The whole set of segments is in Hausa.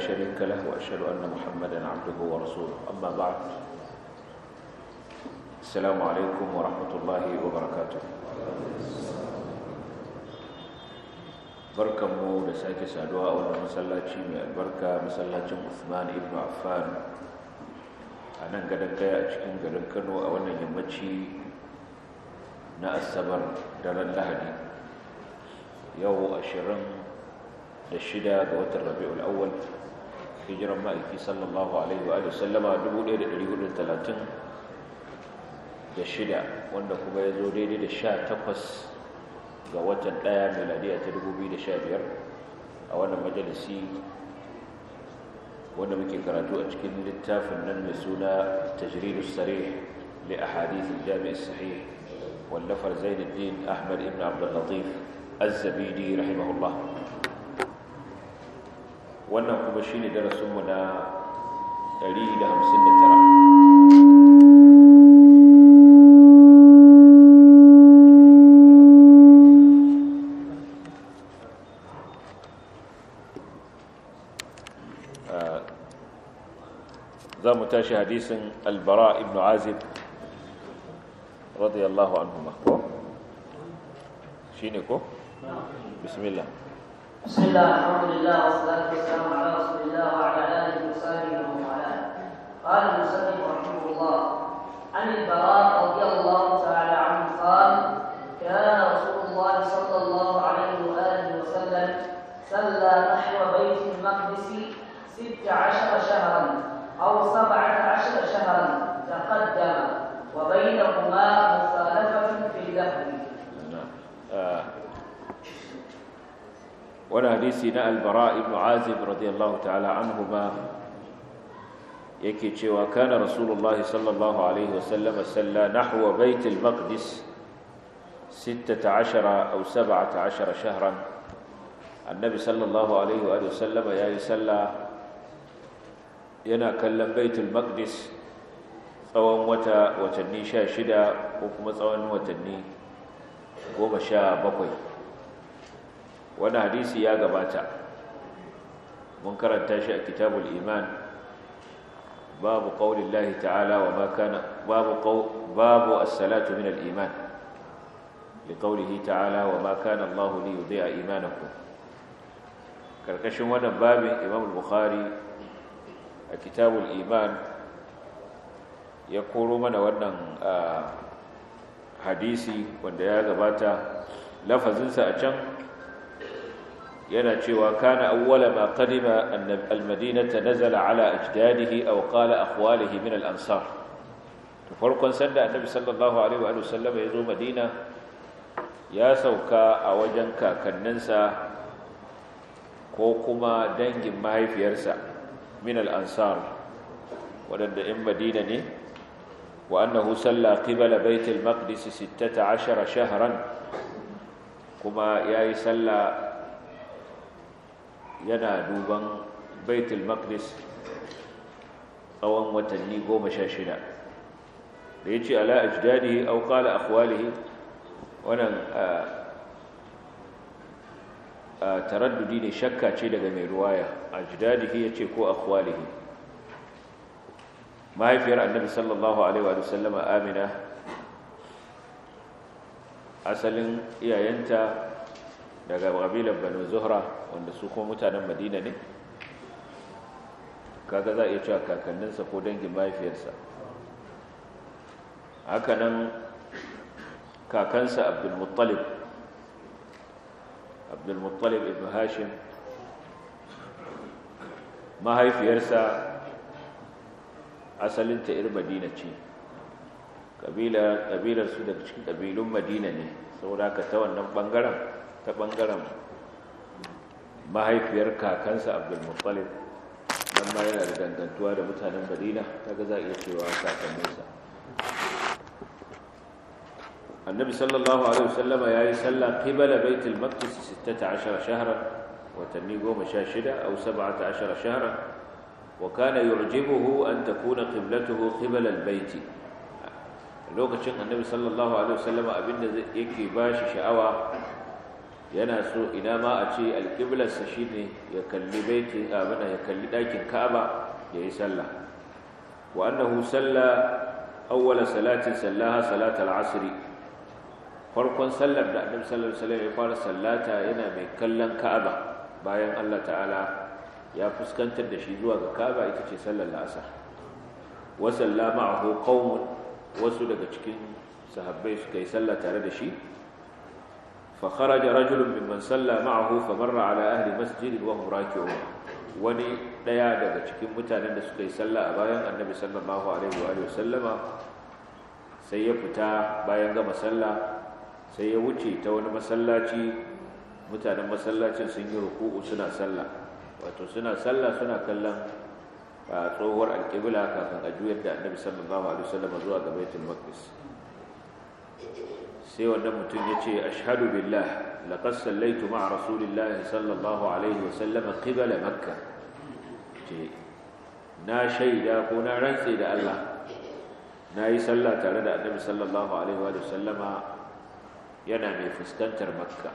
شريك له وأشهد أن محمدا عبده ورسوله أما بعد السلام عليكم ورحمة الله وبركاته barkanmu da sake saduwa a wannan masallaci mai albarka masallacin Usman ibn Affan a nan gadon kaya a cikin garin Kano a wannan yammaci na Asabar daren Lahadi yau ashirin da shida ga watan Rabi'ul Awwal hijiran ma'aiki sallallahu alaihi wa sallama 1436 wanda kuma ya zo daidai da 18 ga watan 1 meladiya ta 2015 a wannan majalisi wanda muke karatu a cikin littafin nan mai suna tajridus sarih li ahadith jami'i sahih wallafar Zainuddin Ahmad ibn Abdul Latif az-Zabidi rahimahullah wannan kuma shine darasinmu na 159 za mu tashi hadisin albara ibn azib radiyallahu anhu ko shi ne ko bismillah بسم الله الحمد لله والصلاة والسلام على رسول الله وعلى آله وصحبه ومن والاه. قال المسلم رحمه الله عن البراء رضي الله تعالى عنه قال كان رسول الله صلى الله عليه وآله وسلم صلى نحو بيت المقدس ست عشر wani hadisi na albara ibn azib radiyallahu ta'ala anhu ma yake cewa kana rasulullah sallallahu alaihi wasallam salla nahwa bait al-maqdis 16 aw 17 shahran annabi sallallahu alaihi wa sallam yi salla yana kallon baitul maqdis tsawon wata watanni 16 ko kuma tsawon watanni 17 wani hadisi ya gabata mun karanta shi a kitabul iman babu ƙaunin lahi ta'ala wa makana babu assalatu min al'iman da ƙaunihi ta'ala wa makana allahu ne zai a imanakun ƙarƙashin wannan babin imam bukhari a kitabul iman ya koro mana wannan ah, hadisi wanda ya gabata lafazinsa a can yana cewa kana awwala ma qadima al-madinata nazala ala ajdadihi aw qala akhwalihi min al to farkon sanda annabi sallallahu alaihi wa sallam ya zo madina ya sauka a wajen kakanninsa ko kuma dangin mahaifiyarsa min al wadanda in madina ne wa annahu salla qibala baitil maqdis 16 shahran kuma yayi sallah yana duban baitul maqdis tsawon watanni goma sha shida da ya ce ala ajdadihi aw qala akhwalihi wannan taraddudi ne shakka ce daga mai ruwaya ajdadihi yace ko akhwalihi mahaifiyar annabi sallallahu alaihi wa sallama amina asalin iyayenta daga kabilar banu zuhra wanda su ko mutanen madina ne kaga za a iya cewa kakanninsa ko dangin mahaifiyarsa hakanan kakansa abdulmuttalib abdulmuttalib ibn hashim mahaifiyarsa asalinta ir madina ce kabilarsu daga cikin kabilun madina ne saboda ka ta wannan bangaren ta ɓangaren mahaifiyar kakansa abdulmuttalib don ma yana da dangantuwa da mutanen madina kaga za a iya cewa kakanninsa annabi sallallahu alaihi wasallama ya yi sallah kibala baitul maqdis 16 shahra watanni 16 aw 17 shahra wa kana yu'jibuhu an takuna qiblatuhu qibala al-bayt lokacin annabi sallallahu alaihi wasallama abinda yake bashi sha'awa yana so ina ma a ce alƙiblarsa shi ne ya kalli baitin abin ya kalli ɗakin ka'aba ya yi sallah wa annahu salla awwala salatin sallaha salatal asri farkon sallar da annabi sallallahu alaihi wasallam ya fara sallata yana mai kallon ka'aba bayan Allah ta'ala ya fuskantar da shi zuwa ga ka'aba ita ce sallar la'asar wa sallama ma'ahu qaumun wasu daga cikin sahabbai suka yi sallah tare da shi فخرج رجل ممن صلى معه فمر على أهل مسجد وهم راكعون wani daya daga cikin mutanen da suka yi sallah a bayan annabi sallallahu alaihi wa sallama sai ya fita bayan gama sallah sai ya wuce ta wani masallaci mutanen masallacin sun yi ruku'u suna sallah wato suna sallah suna kallon a tsohuwar alƙibla kafin a juyar da annabi sallallahu alaihi wa sallama zuwa ga baitul maqdis sai wannan mutum ya ce ashhadu billah laqad sallaitu ma'a rasulillah sallallahu alaihi wa sallam qibla makka ce na shaida ko na rantse da Allah na yi sallah tare da annabi sallallahu alaihi wa sallama yana mai fuskantar makka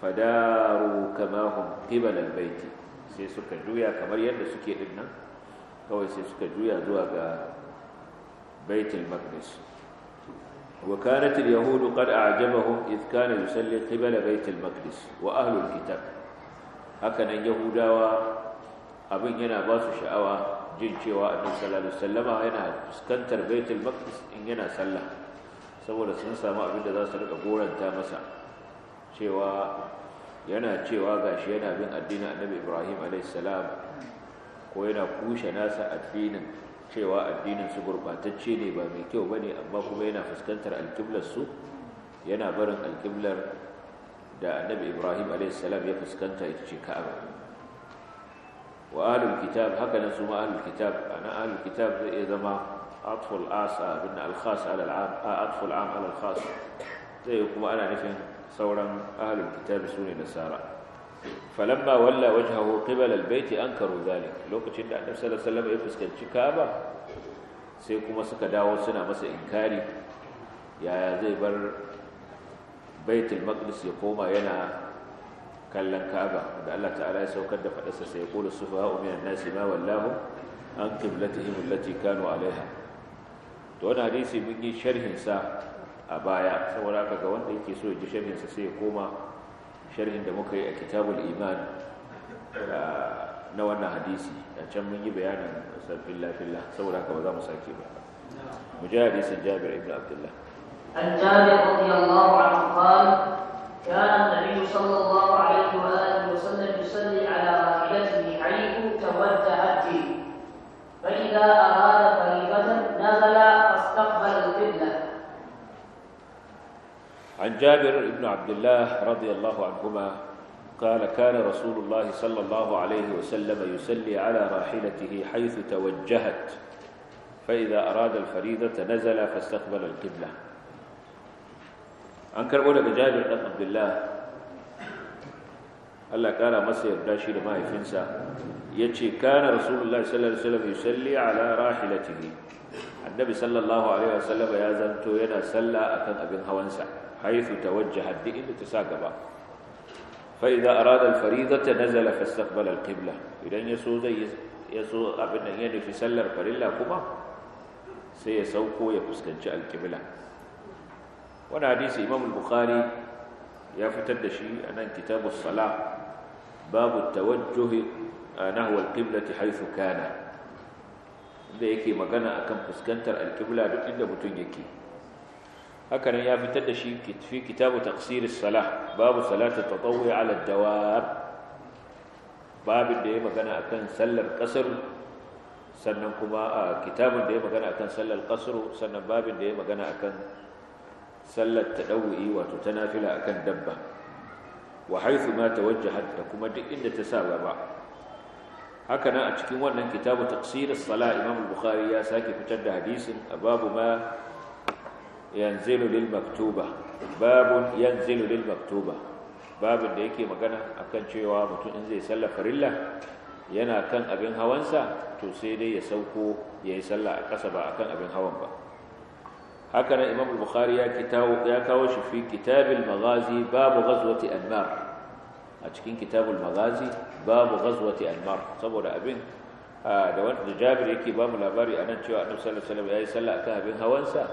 fadaru kama hum qibla albayti sai suka juya kamar yadda suke dinnan kawai sai suka juya zuwa ga baitul maqdis وكانت اليهود قد أعجبهم إذ كان يصلي قبل بيت المقدس وأهل الكتاب هكذا يهودا abin yana basu sha'awa jin cewa annabi sallallahu alaihi yana fuskantar baitul makdis in yana sallah saboda sun samu abin da za su rika goranta masa cewa yana cewa gashi yana bin addinin annabi Ibrahim alaihi salam ko yana kushe nasa addinin cewa addinin su gurbatacce ne ba mai kyau bane amma kuma yana fuskantar alkiblar su yana barin alkiblar da annabi Ibrahim a.s. ya fuskanta ita ce Ka'aba wa ahlul kitab haka nan su ma ahlul kitab ana ahlul kitab zai iya zama atful asa bin al-khas ala al-am atful am ala al-khas zai kuma ana nufin sauran ahlul kitab sune nasara falamma walla wajhahu qibala albayti ankaru dhalik lokacin da annabi sallallahu alaihi wasallam ya fuskanci Ka'aba sai kuma suka dawo suna masa inkari yaya zai bar baitul maqdis ya koma yana kallon Ka'aba da Allah ta'ala ya saukar da fadarsa sai ya kula sufaha'u minan nasi ma wallahu an qiblatihim allati kanu alaiha to wannan hadisi mun yi sharhin sa a baya saboda haka ga wanda yake so ya ji sharhin sa sai ya koma sharhin da muka yi a kitabul iman na wannan hadisi a can mun yi bayanin sabbin lafilla saboda haka ba za mu sake ba mu ji hadisin jabir ibn abdullah an jabir radiyallahu anhu qala kana an-nabiy sallallahu alaihi wa alihi wa sallam yusalli ala raqibatihi haythu tawajjahat fi fa idha arada عن جابر بن عبد الله رضي الله عنهما قال كان رسول الله صلى الله عليه وسلم يسلي على راحلته حيث توجهت فإذا أراد الفريضة نزل فاستقبل القبلة an karɓo daga jabir ɗan abdullah allah ƙara masa yarda shi da mahaifinsa yace ce kana sallallahu alaihi wasallam yusalli ala rahilatihi annabi sallallahu alaihi wasallam ya zanto yana sallah akan abin hawansa haythu tawajjaha duk inda ta sa gaba fa idza arada al faridata nazala fastaqbala al qibla idan yaso zai yaso abin nan ya nufi sallar farilla kuma sai ya sauko ya fuskanci al qibla wannan hadisi imam al bukhari ya fitar da shi a nan kitabus salah babu tawajjuhi nahwa al qiblati haythu kana da yake magana akan fuskantar al qibla duk inda mutum yake Hakanan ya fitar da shi fi kitabu tafsir salah babu salatu tatawwu ala dawab babin da ya magana akan sallar kasar sannan kuma a kitabun da ya magana akan sallar kasar sannan babin da ya magana akan sallar tadawwi wato ta nafila akan dabba wa haythu ma tawajjahat da kuma duk inda ta sa ba. Hakanan a cikin wannan kitabu tafsir salah imam bukhari ya sake fitar da hadisin babu ma yanzilu lil maktuba babun yanzilu lil maktuba babun da yake magana akan cewa mutum in zai sallar farilla yana kan abin hawansa to sai dai ya sauko ya yi sallah a ƙasa ba akan abin hawan ba haka nan imam bukhari ya kawo shi fi kitabul maghazi babu ghazwati anmar a cikin kitabul maghazi babu ghazwati anmar saboda abin da wanda jabir yake ba mu labari anan cewa annabi sallallahu alaihi wasallam yayi sallah akan abin hawansa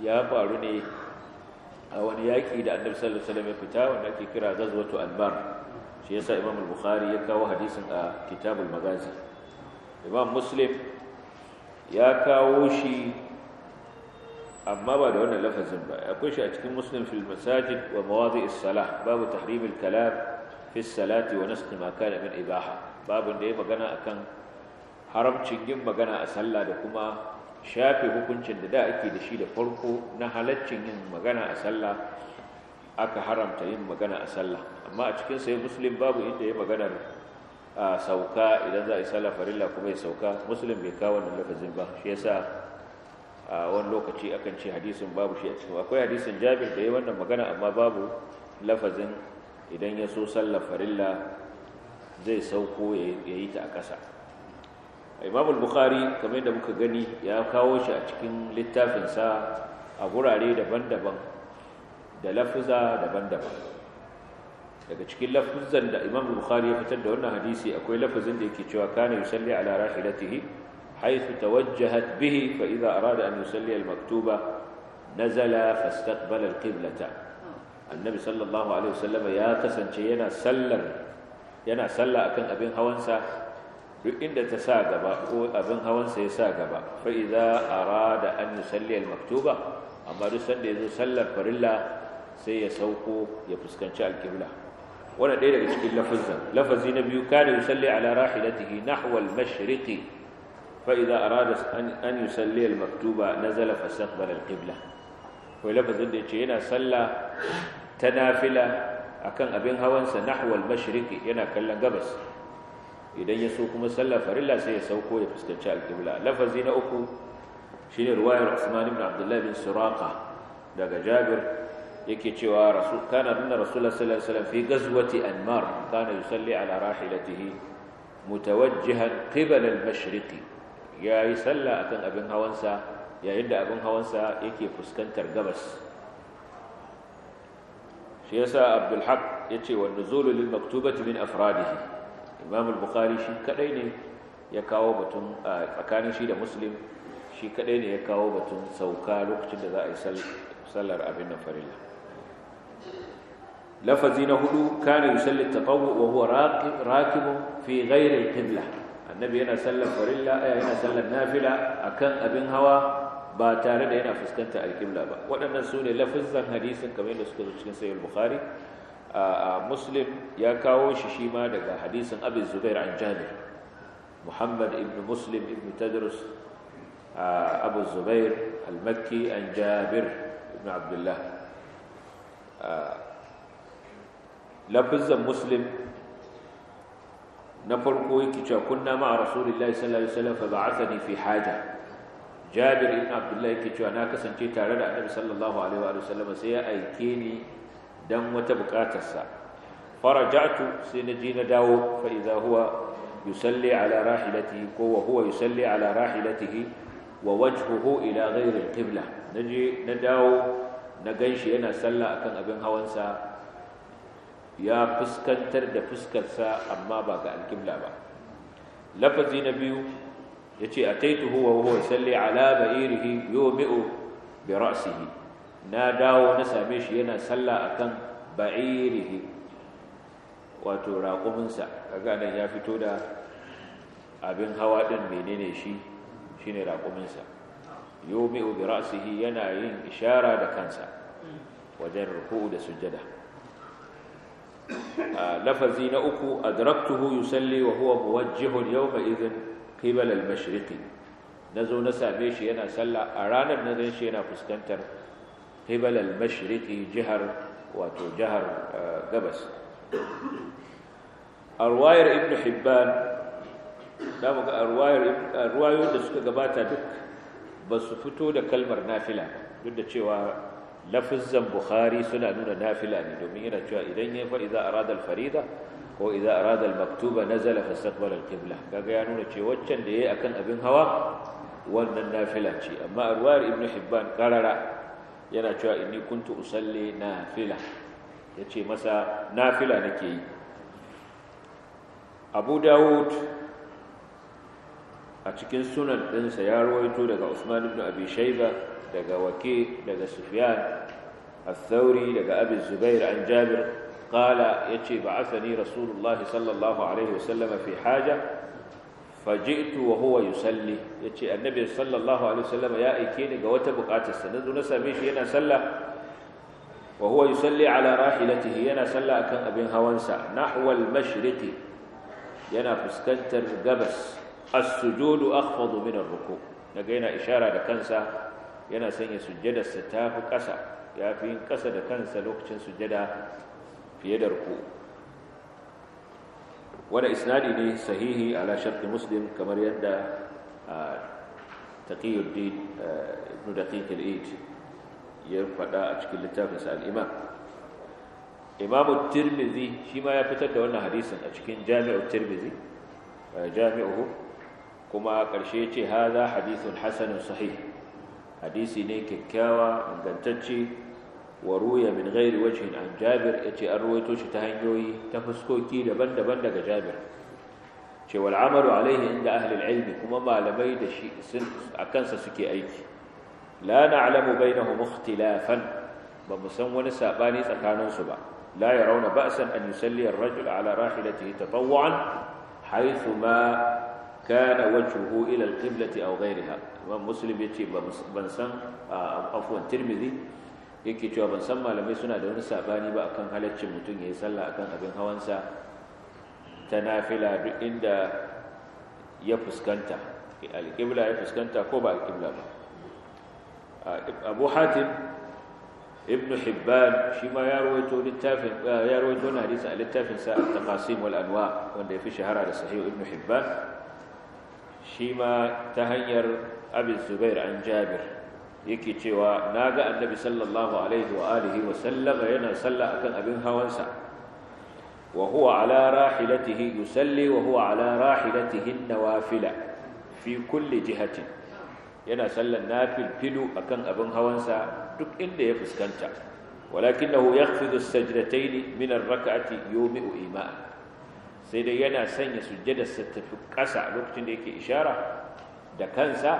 ya faru ne a wani yaƙi da annabi sallallahu alaihi wasallam ya fita wanda ake kira ghazwatu albar shi yasa imam al-bukhari ya kawo hadisin a kitabul magazi imam muslim ya kawo shi amma ba da wannan lafazin ba akwai shi a cikin muslim fil masajid wa mawadi'is salah babu tahrimil kalam fi salati wa nasq ma kana min ibaha babu da ya magana akan haramcin yin magana a sallah da kuma shafe hukuncin da da ake da shi da farko na halaccin yin magana a sallah aka haramta yin magana a sallah amma a cikin sai muslim babu inda ya maganar sauka idan za a yi sallah farilla kuma ya sauka muslim bai kawo wannan lafazin ba shi yasa a wani lokaci akan ce hadisin babu shi a cikin akwai hadisin jabir da ya wannan magana amma babu lafazin idan ya so sallah farilla zai sauko ya yi ta a ƙasa imam al-bukhari kamar da muka gani ya kawo shi a cikin littafinsa a gurare daban-daban da lafuza daban-daban daga cikin lafuzan da imam al-bukhari ya fitar da wannan hadisi akwai lafazin da yake cewa kana yusalli ala rahilatihi haythu tawajjahat bihi fa arada an yusalli al-maktuba nazala fastaqbala al-qiblata annabi sallallahu alaihi wasallam ya kasance yana sallar yana sallah akan abin hawansa duk inda ta sa gaba ko abin hawansa ya sa gaba fa idza arada an yusalli al maktuba amma duk sanda yazo sallar farilla sai ya sauko ya fuskanci alqibla wannan ɗaya daga cikin lafazin lafazi na biyu kana yusalli ala rahilatihi nahwa al mashriqi fa idza arada an yusalli al maktuba nazala fastaqbala al qibla ko lafazin da yace yana sallah ta nafila akan abin hawansa nahwa al mashriqi yana kallon gabas idan ya so kuma sallar farilla sai ya sauko ya fuskanci alƙibla lafazi na uku shine ruwayar Usman ibn bin suraka daga Jabir yake cewa rasul kana anna rasulullah sallallahu alaihi wasallam fi ghazwati anmar kana yusalli ala rahilatihi mutawajjihan qibala al-mashriq yayi sallah akan abin hawansa yayin da abin hawansa yake fuskantar gabas shi yasa Abdul Haq yace wa nuzulu lil maktubati min afradihi imam al-bukhari shi kadai ne ya kawo batun tsakanin shi da muslim shi kadai ne ya kawo batun sauka lokacin da za a yi sallar abin nan farilla lafazi na hudu kana yusalli tatawwu wa huwa rakibu fi ghairi al-qibla annabi yana sallar farilla eh, yana sallar nafila akan abin hawa ba tare da yana fuskantar al-qibla ba waɗannan sune ne lafazan hadisin kamar yadda suka zo cikin sahih al-bukhari muslim ya kawo shi shi ma daga hadisin abin zubair an jabir muhammad ibn muslim ibn tadrus abu zubair al-makki an jabir ibn abdullah lafizan muslim na farko yake cewa kunna ma'a rasulillahi sallallahu alaihi wasallam fa ba'athani fi haja jabir ibn abdullah yake cewa na kasance tare da annabi sallallahu alaihi wa sallam sai ya aike ni dan wata bukatarsa faraja'tu sai na je na dawo fa idza huwa yusalli ala rahilatihi ko wa huwa yusalli ala rahilatihi wa wajhuhu ila ghairi al-qibla na dawo na ganshi yana sallah akan abin hawansa ya fuskantar da fuskarsa amma ba ga al-qibla ba lafazi na biyu yace ataituhu wa huwa yusalli ala ba'irihi yumi'u bi ra'sihi na dawo na same shi yana sallah akan ba'irihi wato raƙuminsa kaga nan ya fito da abin hawa ɗin menene shi shine raƙuminsa yumi'u bi ra'sihi yana yin ishara da kansa wajen ruku'u da sujjada lafazi na uku adraktuhu yusalli wa huwa muwajjihun yawma idhin qibala al-mashriqi nazo na same shi yana sallah a ranar na shi yana fuskantar qibala al-mashriqi jihar wato jihar gabas arwayar ibn hibban da muka arwayar da suka gabata duk ba su fito da kalmar nafila duk da cewa lafizan bukhari suna nuna nafila ne domin yana cewa idan ya fa idza arada al-farida ko idza arada al-maktuba nazala fastaqbala al-qibla kaga ya nuna cewa waccan da yayi akan abin hawa wannan nafila ce amma arwayar ibn hibban qarara yana cewa inni kuntu usalli nafila yace masa nafila nake yi Abu Dawud a cikin sunan ɗinsa ya rawaito daga Usman ibn Abi Shayba daga wake daga Sufyan الثوري daga Abi Zubair an Jabir قال yace ba'athani Rasulullahi sallallahu alaihi wasallam fi haja faji'tu wa huwa yusalli yace annabi sallallahu alaihi wasallam ya aike ni ga wata bukatar sa nazo na same shi yana sallah wa huwa yusalli ala rahilatihi yana sallah akan abin hawansa nahwa al-mashriqi yana fuskantar gabas as-sujudu akhfadu min ar-ruku daga yana ishara da kansa yana sanya sujjadar sa tafi kasa yafi yin kasa da kansa lokacin sujjada fiye da ruku' wani isnadi ne sahihi ala sharti muslim kamar yadda taqiyuddin ibn daqiq al-eid ya faɗa a cikin littafin sa al-imam imamu tirmidhi shi ma ya fitar da wannan hadisin a cikin jami'u tirmidhi jami'uhu kuma karshe ce haza hadisin hasanun sahih hadisi ne kyakkyawa ingantacce wa ruya min ghairi wajhin an jabir yace an ruwaito shi ta hanyoyi ta fuskoki daban-daban daga jabir ce wal amalu inda ahli al-ilmi kuma malamai da shi akan sa suke aiki la na'lamu bainahum ikhtilafan ba mu san wani sabani tsakanin su ba la yarawna ba'san an yusalli ar-rajul ala rahilatihi tatawwan haythu ma kana wajhuhu ila al-qiblati aw ghayriha imam muslim yace ban san afwan tirmidhi yake cewa ban san malamai suna da wani sabani ba akan halaccin mutum ya yi sallah akan abin hawansa ta nafila duk inda ya fuskanta alƙibla ya fuskanta ko ba alƙibla ba abu hatim ibn hibban shi ma ya rawaito littafin ya rawaito na hadisi a littafin sa at wal anwa wanda ya fi shahara da sahih ibn hibban shi ma ta hanyar abin zubair an jabir yake cewa na ga annabi sallallahu alaihi wa alihi wa sallama yana sallah akan abin hawansa wa huwa ala rahilatihi yusalli wa huwa ala rahilatihi nawafila fi kulli jihatin yana sallan nafil filu akan abin hawansa duk inda ya fuskanta walakinahu yakhfidu as-sajdatayn min ar-rak'ati yumi'u ima'a sai dai yana sanya sujjadarsa tafi ƙasa lokacin da yake ishara da kansa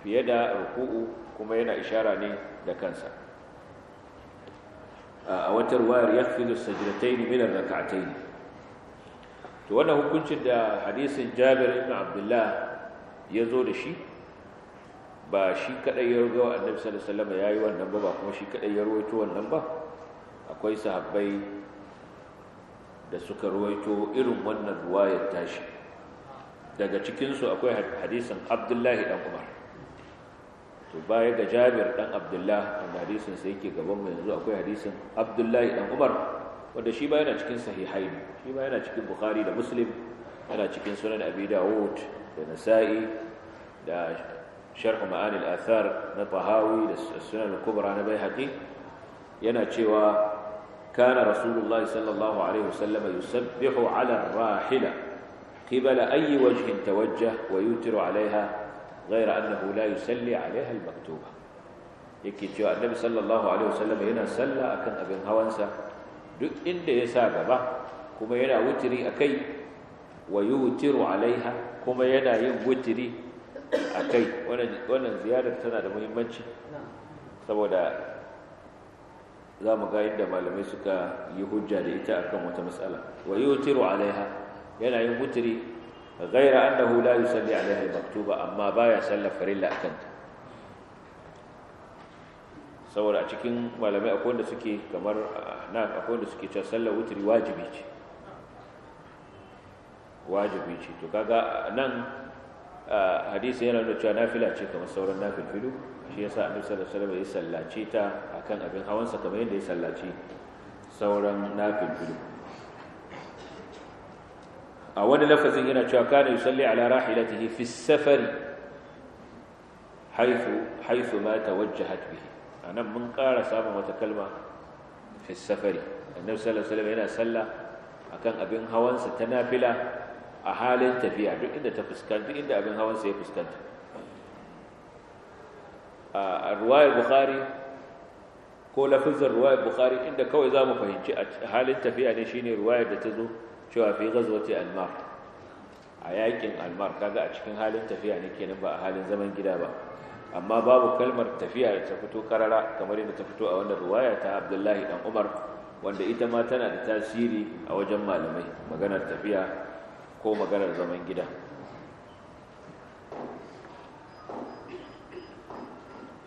fiye da ruku'u kuma yana ishara ne da kansa a wata ruwayar ya fi sajirataini minar raka'ataini to wannan hukuncin da hadisin jabir ibn abdullah ya zo da shi ba shi kadai ya rugawa annabi sallallahu alaihi wasallam yayi wannan ba ba kuma shi kadai ya ruwaito wannan ba akwai sahabbai da suka ruwaito irin wannan ruwayar tashi daga cikinsu akwai hadisin abdullahi dan umar to baya ga jabir dan abdullah wanda hadisin yake gaban mu yanzu akwai hadisin abdullahi dan umar wanda shi ba yana cikin sahihain shi ba yana cikin bukhari da muslim yana cikin sunan abi dawud da nasa'i da sharh ma'ani al-athar na tahawi da sunan al-kubra na baihaqi yana cewa kana rasulullah sallallahu alaihi wasallam yusabbihu ala ar-rahila qibala ayi wajhin tawajjah wa yutiru alaiha غير أنه لا يسلي عليها المكتوبة yake cewa annabi sallallahu alaihi wasallam yana sallah akan abin hawansa duk inda ya sa gaba kuma yana wutiri akai wa yutiru alaiha kuma yana yin wutiri akai wannan wannan ziyarar tana da muhimmanci saboda za mu ga yadda malamai suka yi hujja da ita akan wata matsala wa yutiru alaiha yana yin wutiri غير أنه لا يصلي maktuba amma baya بايا farilla فريلا أكنت saboda a cikin malamai akwai wanda suke kamar na akwai wanda suke cewa sallar wutri wajibi ce wajibi ce to kaga nan hadisi yana nuna cewa nafila ce kamar sauran nafilfilu shi yasa annabi sallallahu alaihi wasallam ya sallace ta akan abin hawansa kamar yadda ya sallaci sauran nafilfilu a wani lafazin yana cewa kana Salli ala rahilatihi fi safari haythu haythu ma tawajjahat bihi anan mun ƙara samun wata kalma fi safari annabi sallallahu alaihi yana salla akan abin hawansa ta nafila a halin tafiya duk inda ta fuskanta inda abin hawansa ya fuskanta a ruwayar bukhari ko lafazin ruwayar bukhari inda kawai za mu fahimci a halin tafiya ne shine ruwayar da ta zo cewa fi ghazwati almar a yakin almar kaga a cikin halin tafiya ne kenan ba a halin zaman gida ba amma babu kalmar tafiya da ta fito karara kamar yadda ta fito a wannan ruwaya ta Abdullahi dan Umar wanda ita ma tana da tasiri a wajen malamai maganar tafiya ko maganar zaman gida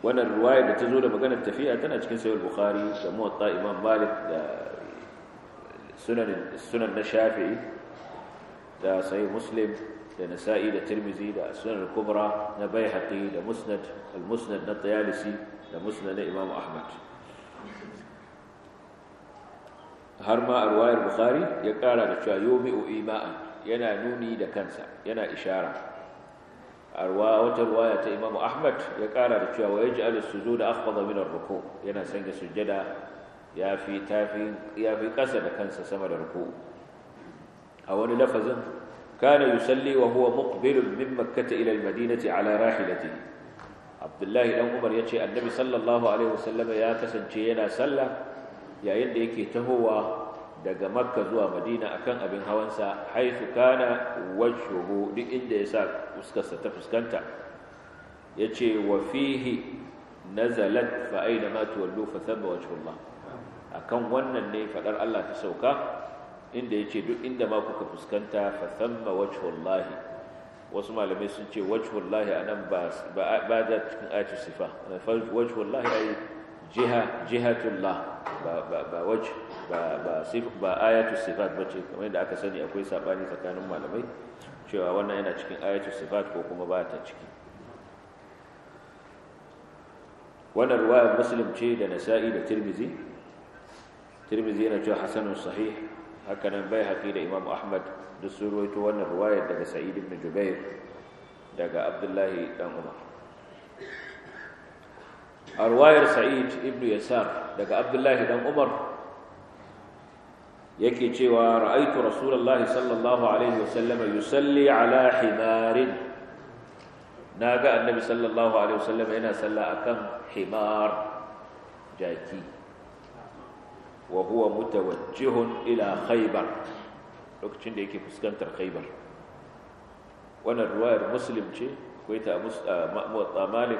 wannan ruwaya da ta zo da maganar tafiya tana cikin sayar bukhari da muwatta imam malik da sunan sunan na shafi'i da sai muslim da nasa'i da tirmizi da sunan kubra na baihaqi da musnad al-musnad na tayalisi da musnad na imam ahmad har ma a ruwayar bukhari ya kara da cewa yomi'u ima'an yana nuni da kansa yana ishara a wata ruwaya ta imam ahmad ya kara da cewa wa yaj'alu as-sujuda akhfadha min ar-ruku' yana sanya sujjada ya fi ƙasa da kansa sama da ruku a wani lafazin kana yusalli wa huwa muqbilun min makkata ila almadinati ala rahilatihi abdullahi dan umar yace annabi sallallahu alaihi wasallam ya kasance yana sallah yayin da yake tahowa daga makka zuwa madina akan abin hawansa haythu kana wajhuhu duk inda ya sa fuskarsa ta fuskanta yace wa fihi nazalat fa aina ma tuwallu fa thabba wajhullah akan wannan ne fadar Allah ta sauka inda ce duk inda ma kuka fuskanta fa thamma wajhullahi wasu malamai sun ce wajhullahi anan ba ba da cikin ayatu sifa wajhullahi ay jiha jihatullah ba ba ba ba ba sif ba ayatu sifat kamar yadda aka sani akwai sabani tsakanin malamai cewa wannan yana cikin ayatu sifat ko kuma ba ta ciki wannan ruwayar muslim ce da nasa'i da tirmizi tirmidhi yana cewa hasanun sahih haka nan baihaqi da imam ahmad duk sun ruwaito wannan riwayar daga sa'id ibn jubair daga abdullahi dan umar a ruwayar sa'id ibn yasar daga abdullahi dan umar yake cewa ra'aitu rasulullahi sallallahu alaihi wa wasallam yusalli ala himarin naga annabi sallallahu alaihi wa wasallam yana salla akan himar jaki wa huwa mutawajjihun ila khaybar lokacin da yake fuskantar khaybar wannan ruwayar muslim ce akwai ta muwatta malik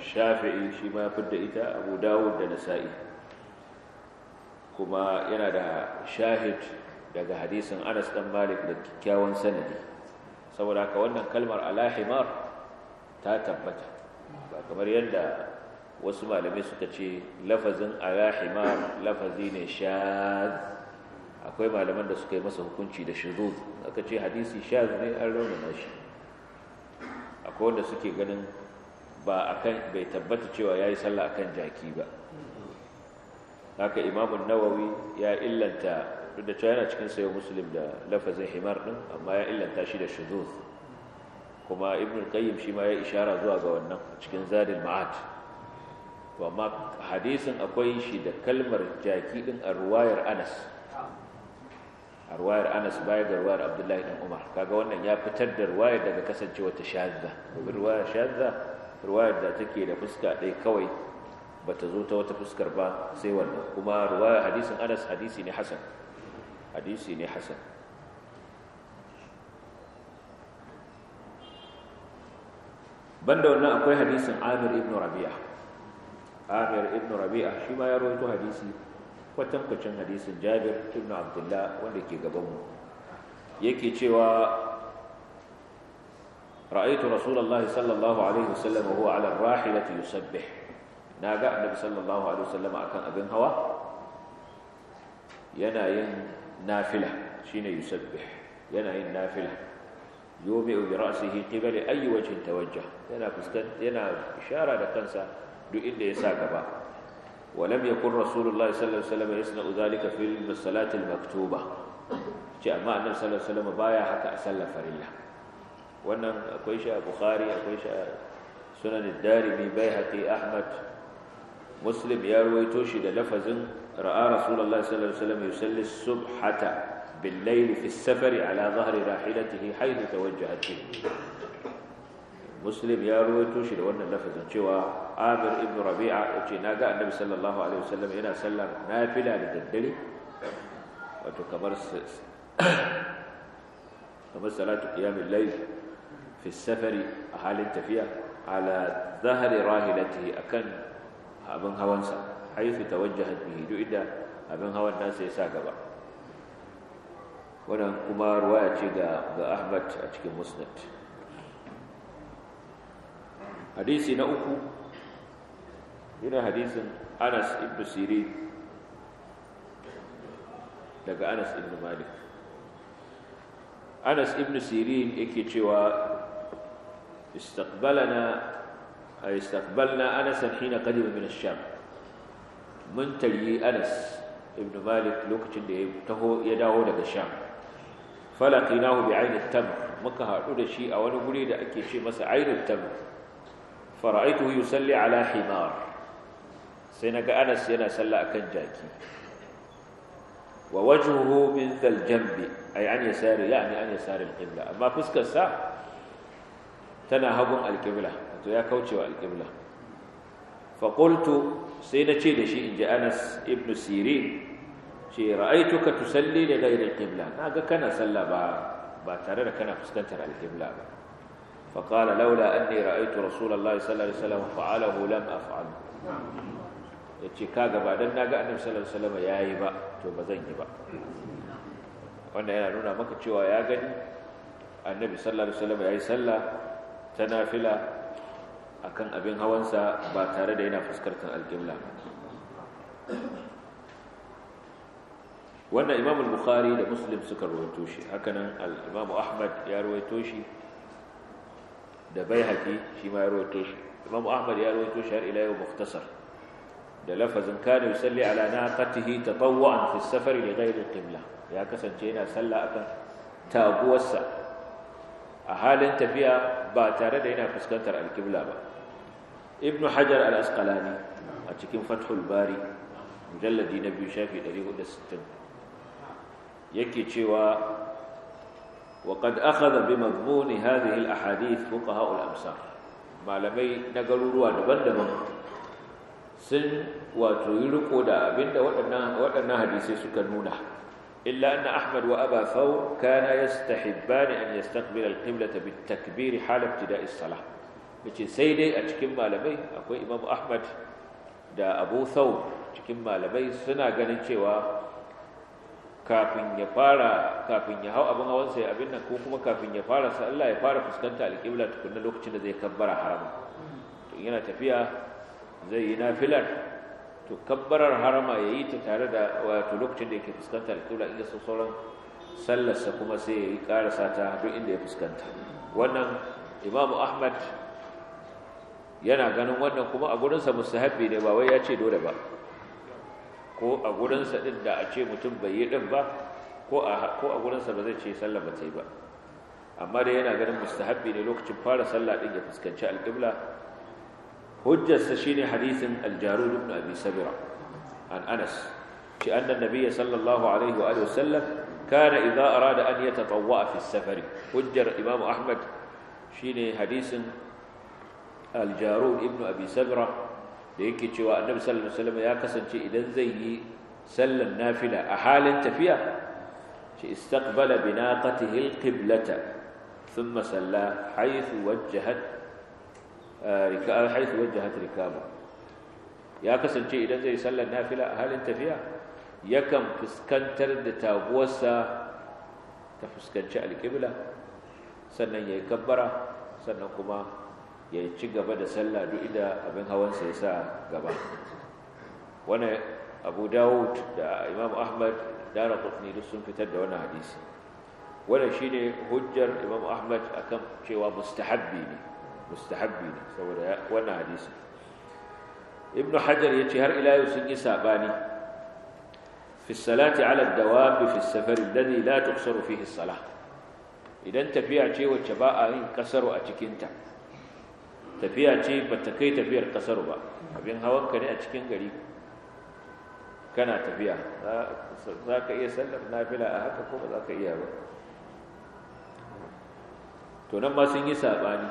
shafi'i shi ma ya fidda ita abu dawud da nasa'i kuma yana da shahid daga hadisin anas dan malik da kyakkyawan sanadi saboda haka wannan kalmar alahimar ta tabbata ba kamar yadda wasu malamai suka ce lafazin arahima lafazi ne shaz akwai malaman da suka yi masa hukunci da shuzuz aka ce hadisi shaz ne an raunana shi akwai wanda suke ganin ba akan bai tabbata cewa yayi sallah akan jaki ba haka imamun nawawi ya illanta da cewa yana cikin sayo muslim da lafazin himar din amma ya illanta shi da shuzuz kuma ibn qayyim shi ma ya ishara zuwa ga wannan cikin zadil ma'ad to amma hadisin akwai shi da kalmar jaki din a ruwayar anas a ruwayar anas baya ga ruwayar abdullahi ɗan umar kaga wannan ya fitar da ruwayar daga kasance wata shadda domin ruwayar shadda ruwayar da take da fuska ɗaya kawai ba ta zo ta wata fuskar ba sai wannan kuma ruwayar hadisin anas hadisi ne hasan hadisi ne hasan banda wannan akwai hadisin amir ibn rabi'a Amir ibnu Rabi'a shi ma ya rawaito hadisi kwatan kwacin hadisin Jabir ibn Abdullah wanda ke gaban mu yake cewa ra'aytu Rasulullah sallallahu alaihi wasallam wa huwa ala rahilati yusabbih naga annabi sallallahu alaihi wasallam akan abin hawa yana yin nafila shine yusabbih yana yin nafila yumi bi ra'sihi qibla ayi wajhin tawajjah yana fuskan yana ishara da kansa duk inda ya sa gaba walam yakun rasulullahi sallallahu alaihi wasallam yasna'u zalika fil salati maktuba ce amma annabi sallallahu alaihi wasallam baya haka a sallar farilla wannan akwai shi a bukari akwai shi a sunan ad-darimi baihaqi ahmad muslim ya ruwaito shi da lafazin ra'a rasulullahi sallallahu alaihi wasallam yusalli subhata bil layli fi as-safari ala dhahri rahilatihi haythu tawajjahat bihi muslim ya rawaito shi da wannan lafazin cewa amir ibn rabi'a ya ce na ga annabi sallallahu alaihi wasallam yana sallar nafila da daddare wato kamar kamar salatu qiyamul layl fi safari a halin tafiya ala zahari rahilatihi akan abin hawansa haythu tawajjahat bihi duk inda abin hawan nasa ya sa gaba wannan kuma ruwaya ce ga Ahmad a cikin Musnad hadisi na uku yana hadisin anas ibn sirin daga anas ibn malik anas ibn sirin yake cewa a استقبلنا أنسا حين قدم من الشام mun تلي Anas Ibn Malik lokacin da ya dawo daga الشام فلقيناه بعين التمر muka haɗu da shi a wani guri da ake ce masa ainihin tamar fara'aituhu yusalli ala himar sai ga Anas yana sallah akan jaki wa wajhuhu min dhal jambi ay an amma fuskar sa tana hagun al wato ya kaucewa al-qibla sai na ce da shi in inji Anas ibn Sirin ce ra'aituka tusalli li da al na ga kana sallah ba ba tare da kana fuskantar al ba فقال لولا أني رأيت رسول الله صلى الله عليه وسلم فعله لم أفعله yace ba dan naga annabi sallallahu alaihi wasallam yayi ba to ba zan yi ba wannan yana nuna maka cewa ya gani annabi sallallahu alaihi wasallam yayi sallah ta nafila akan abin hawansa ba tare da yana fuskantar alƙibla ba wannan imam al-bukhari da muslim suka rawaito shi hakanan al ahmad ya rawaito shi da baihaqi shi ma ya rawaito shi imam ahmad ya rawaito shi har ila yau muftasar da lafazin kana yusalli ala naqatihi tatawwan fi safar li ghairi qibla ya kasance yana sallah akan taguwarsa a halin tafiya ba tare da yana fuskantar alqibla ba ibn hajar al-asqalani a cikin fathul bari mujalladi na biyu shafi 460 yake cewa وقد أخذ بمضمون هذه الأحاديث فقهاء الأمصار malamai na garuruwa daban-daban sun wato yi riko da abinda waɗannan hadisai suka nuna illa anna ahmad wa aba thawr kana yastahibbani an yastaqbila al-qiblata bit-takbir hala ibtida'i as-salah yace sai dai a cikin malamai akwai Imam ahmad da abu thawr cikin malamai suna ganin cewa kafin ya fara kafin ya hau abin hawan sai abin nan ko kuma kafin ya fara sa Allah ya fara fuskanta alƙibla tukunna lokacin da zai kabbara haram to yana tafiya zai yi nafilar to kabbarar harama ya yi ta tare da wato lokacin da yake fuskanta alƙibla in so sauran sallarsa kuma sai ya yi ƙarasa ta duk inda ya fuskanta wannan imamu ahmad yana ganin wannan kuma a gurinsa mustahabbi ne ba wai ya ce dole ba ko a gurinsa ɗin da a ce mutum bai yi ɗin ba ko a gurinsa ba zai ce sallah ba sai ba amma dai yana ganin mustahabbi ne lokacin fara sallah ɗin ya fuskanci alƙibla hujjarsa ne hadisin aljarud ibn abi sabira an anas ci anna nabiyya sallallahu alaihi wa sallam kana idza arada an yatatawwa fi safari hujjar imam ahmad shine hadisin aljarud ibn abi sabira da yake cewa annabi sallallahu alaihi wasallam ya kasance idan zai yi sallan nafila a halin tafiya shi istaqbala binaqatihi alqiblata thumma salla haythu wajjahat uh, rika'a haythu wajjahat rikaba ya kasance idan zai sallan nafila a halin tafiya yakan fuskantar da taguwarsa ta fuskanci alqibla sannan ya yayi kabbara sannan kuma ya ci gaba da sallah duk inda abin hawansa ya sa gaba Wani abu dawud da imam ahmad dara kutni duk sun fitar da wani hadisi wannan shine hujjar imam ahmad kan cewa mustahabbi ne mustahabbi ne saboda wani hadisi ibn hajar ya ce har ila sun yi sabani fi salati ala dawab fi safar alladhi la tuqsaru fihi salah idan tafiya ce wacce ba a yin kasaro a cikinta tafiya ce ba ta kai tafiyar kasar ba abin hawan ka ne a cikin gari kana tafiya za ka iya sallar nafila a haka kuma ba za ka iya ba to nan ma sun yi saɓani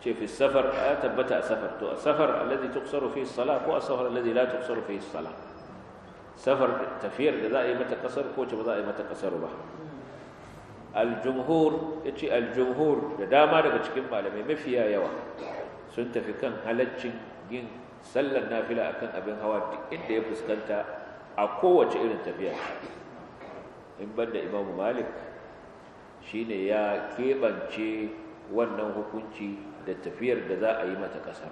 ce fi safar ya tabbata a safar to a safar alladhi tuksaru fihi as-salah ko a safar alladhi la tuksaru fihi as safar tafiyar da za a yi mata kasar ko ce ba za a yi mata kasar ba aljumhur ya ce aljumhur da dama daga cikin malamai mafiya yawa sun tafi kan halaccin yin sallar nafila kan abin hawa inda ya fuskanta a kowace irin tafiya in banda imamu malik shi ne ya keɓance wannan hukunci da tafiyar da za a yi mata ƙasa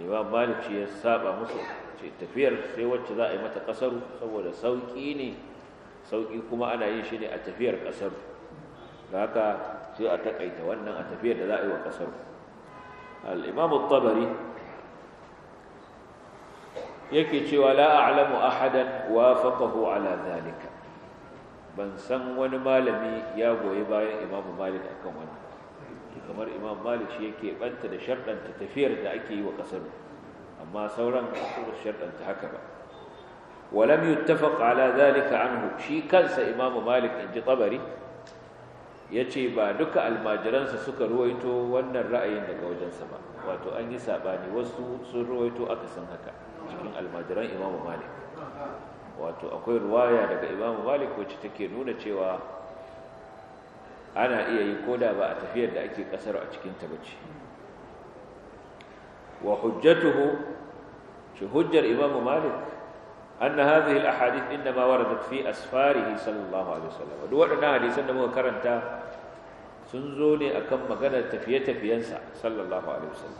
imam malik shi ya saba musu ce tafiyar sai wacce za a yi mata ƙasar saboda sauƙi ne Sauƙi kuma ana yin shi ne a tafiyar kasar da haka sai a takaita wannan a tafiyar da za a yi wa kasar al tabari yake cewa la a'lamu ahadan wafaqahu ala zalika ban san wani malami ya goyi bayan imam malik akan wani. kamar imam malik shi yake banta da sharɗanta tafiyar da ake yi wa ƙasar amma sauran ba su sharɗanta haka ba ولم يتفق على ذلك عنه شي كنس إمام مالك إن طبري yace ba duka almajiransa suka ruwaito wannan ra'ayin daga wajensa ba wato an yi sabani wasu sun ruwaito aka san haka cikin almajiran Imam Malik wato akwai ruwaya daga Imam Malik wacce take nuna cewa ana iya yi koda ba a tafiyar da ake kasar a cikin ta bace wa hujjatuhu shi hujjar Imam Malik أن هذه الأحاديث إنما وردت في أسفاره صلى الله عليه وسلم ودوعنا حديثا نمو كرنتا سنزوني أكم مكان تفية فينسى صلى الله عليه وسلم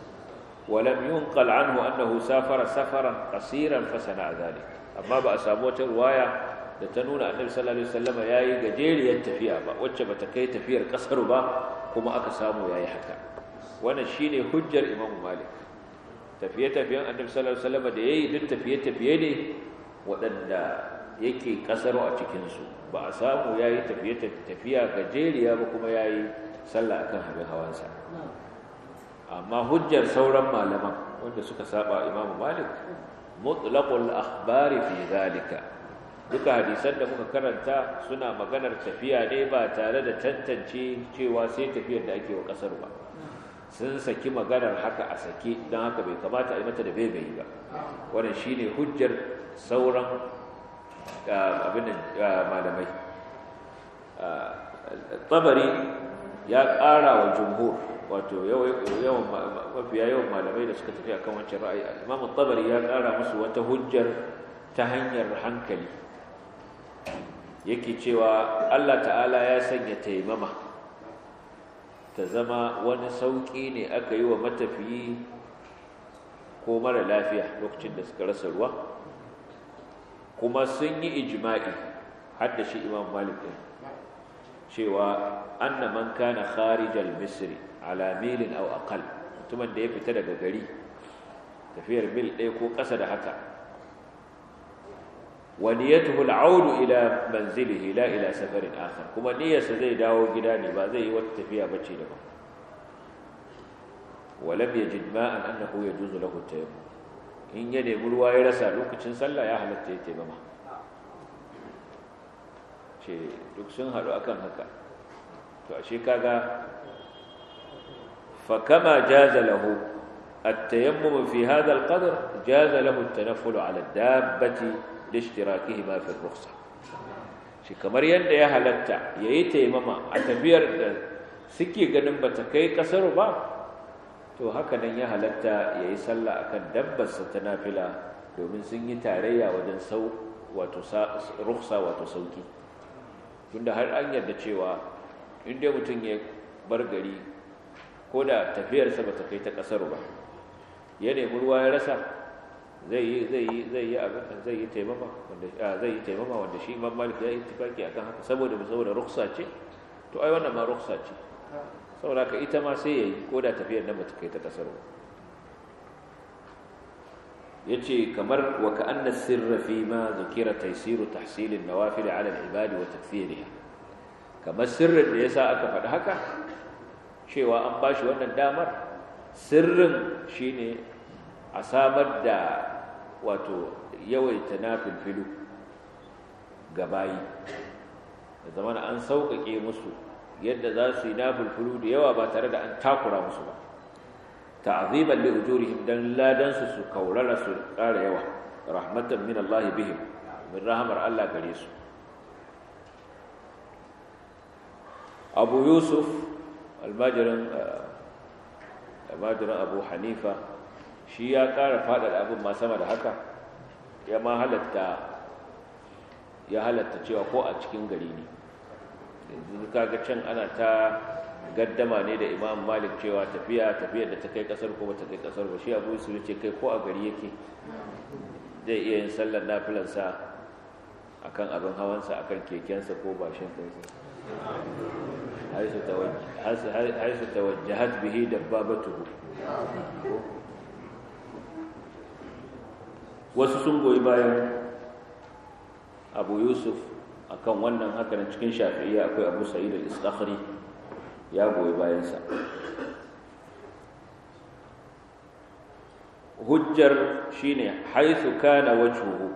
ولم ينقل عنه أنه سافر سفرا قصيرا فسنع ذلك أما بأساموت رواية لتنون النبي صلى الله عليه وسلم يا يجيل ينتفيها وجب تكي تفير قصر با كما أكسامو يا يحكى ونشيني حجر إمام مالك tafiye-tafiyen annabi sallallahu alaihi wasallam da yayi duk tafiye-tafiye ne waɗanda yake ƙasaru a cikinsu ba a samu ya yi tafiya gajeriya ba kuma ya yi sallah akan abin hawansa amma hujjar sauran malaman wanda suka saba imamu malik mutlaqul akhbari fi zalika duka hadisan da muka karanta suna maganar tafiya ne ba tare da tantance cewa sai tafiyar da ake wa kasar ba sun saki maganar haka a sake don haka bai kamata a yi mata da bai ba wannan shine hujjar sauran abin da malamai tabari ya ƙara wa jumhur wato yawan mafiya yawan malamai da suka tafi akan wancan ra'ayi imam tabari ya ƙara musu wata hujjar ta hanyar hankali yake cewa Allah ta'ala ya sanya taimama ta zama wani sauƙi ne aka yi wa matafiyi ko mara lafiya lokacin da suka rasa ruwa kuma sun yi ijma'i har shi imam malik cewa anna man kana kharijal misri ala milin aw aqal mutumin da ya fita daga gari tafiyar mil ɗaya ko ƙasa da haka wa niyyatuhu al'aud ila manzilihi la ila safarin akhar kuma niyyarsa zai dawo gida ne ba zai yi wata tafiya bace daban ولم يجد ماء أنه يجوز له التيمم in ya nemi ruwa ya rasa lokacin sallah ya halatta ya taimama ce duk sun haɗu akan haka to ashe kaga fa kama jaza fi hadal في Jazalahu القدر جاز له التنفل على الدابة لاشتراكهما في Ruksa. shi kamar yadda ya halatta ya yi taimama a tafiyar da suke ganin ba ta kai ƙasar ba to haka nan ya halatta ya yi sallah akan dabbarsa ta nafila domin sun yi tarayya wajen sau wato ruksa wato sauki tunda har an yarda cewa inda mutum ya bar gari ko da tafiyarsa ba ta kai ta kasar ba ya nemi ruwa ya rasa zai yi taimama wanda shi Imam Malik ya yi a akan haka saboda saboda ruksa ce to ai wannan ma ruksa ce saboda ka ita ma sai ya yi ko da tafiyar na mutu kai ta kasar ba ya ce kamar wa ka anna sirra fi ma zukira taisiru tahsilin wafi da alal ibadi wa ya? kamar sirrin da ya sa aka faɗi haka cewa an ba shi wannan damar sirrin shi ne a samar da wato yawaita filfilu ga bayi da zamana an sauƙaƙe musu yadda za su yi na bulbulu da yawa ba tare da an takura musu ba Ta li ujurihim dan ladan su su kaurara su ƙara yawa rahmatan min Allah bihim min rahamar Allah gare su Abu Yusuf almajirin eh, almajirin Abu Hanifa shi ya ƙara faɗaɗa abin ma sama da haka ya ma halatta ya halatta cewa ko a cikin gari ne yanzu kaga can ana ta gaddama ne da imam malik cewa tafiya tafiyar da ta kai kasar ko ta kai kasar ba shi abu su ce kai ko a gari yake zai iya yin sallar nafilansa akan abin hawansa akan kekensa ko bashin kansa wajen har bihi da babatu wasu sun goyi bayan abu yusuf akan wannan haka na cikin shafi'iyya akwai abu sa'id al-istakhri ya goyi bayansa hujjar shine haythu kana wajhuhu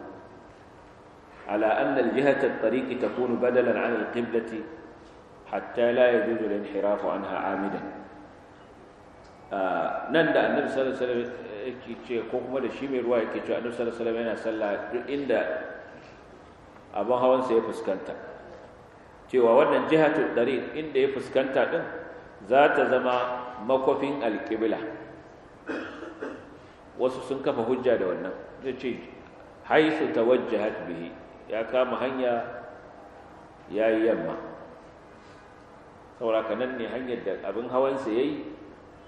ala anna al-jihata at-tariq takunu badalan 'an al-qiblati hatta la yajuzu al-inhiraf 'anha 'amidan ah, nan da annabi sallallahu alaihi wasallam yake ce ko kuma da shi mai ruwa yake ce annabi sallallahu alaihi wasallam yana sallah duk inda abin hawansa ya fuskanta cewa wannan jihatul dari inda ya fuskanta din za ta zama makofin alƙibla wasu sun kafa hujja da wannan zai ce haisu tawajjahat bihi ya kama hanya ya yi yamma sauraka nan ne hanyar da abin hawansa ya yi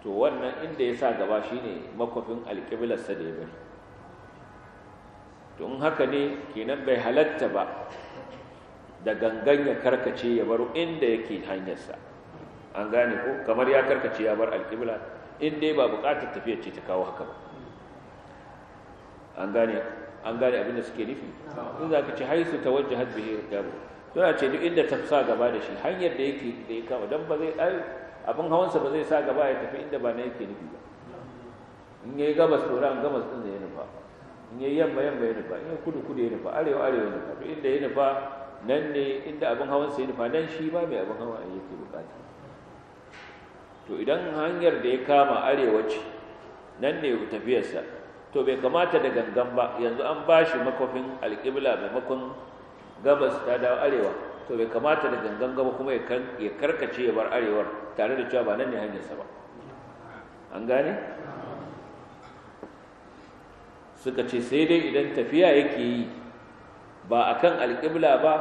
to wannan inda ya sa gaba shine makofin alƙiblarsa da ya bari to in haka ne kenan bai halatta ba da gangan ya karkace ya baro inda yake hanyarsa an gane ko kamar ya karkace ya bar alkibla in dai ba buƙatar tafiyar ce ta kawo haka ba an gane abinda abin da suke nufi in za ka ce haisu ta wajen hajji gaba suna ce duk inda ta sa gaba da shi hanyar da yake da ya kama don ba zai abin hawansa ba zai sa gaba ya tafi inda ba na yake nufi ba in ya yi gabas tsoron gabas ɗin da ya nufa in yi yamma yamma ya nufa in kudu kudu ya nufa arewa arewa ya nufa duk inda ya nufa nan ne inda abin hawan sa ya nufa nan shi ba mai abin hawa yake bukata to idan hanyar da ya kama arewa ce nan ne sa, to bai kamata da gangan ba yanzu an ba shi makofin alƙibla maimakon gabas ta dawo arewa to bai kamata da gangan gaba kuma ya karkace ya bar arewar tare da cewa ba nan ne hanyarsa ba an gane suka ce sai dai idan tafiya yake yi ba a kan alƙibla ba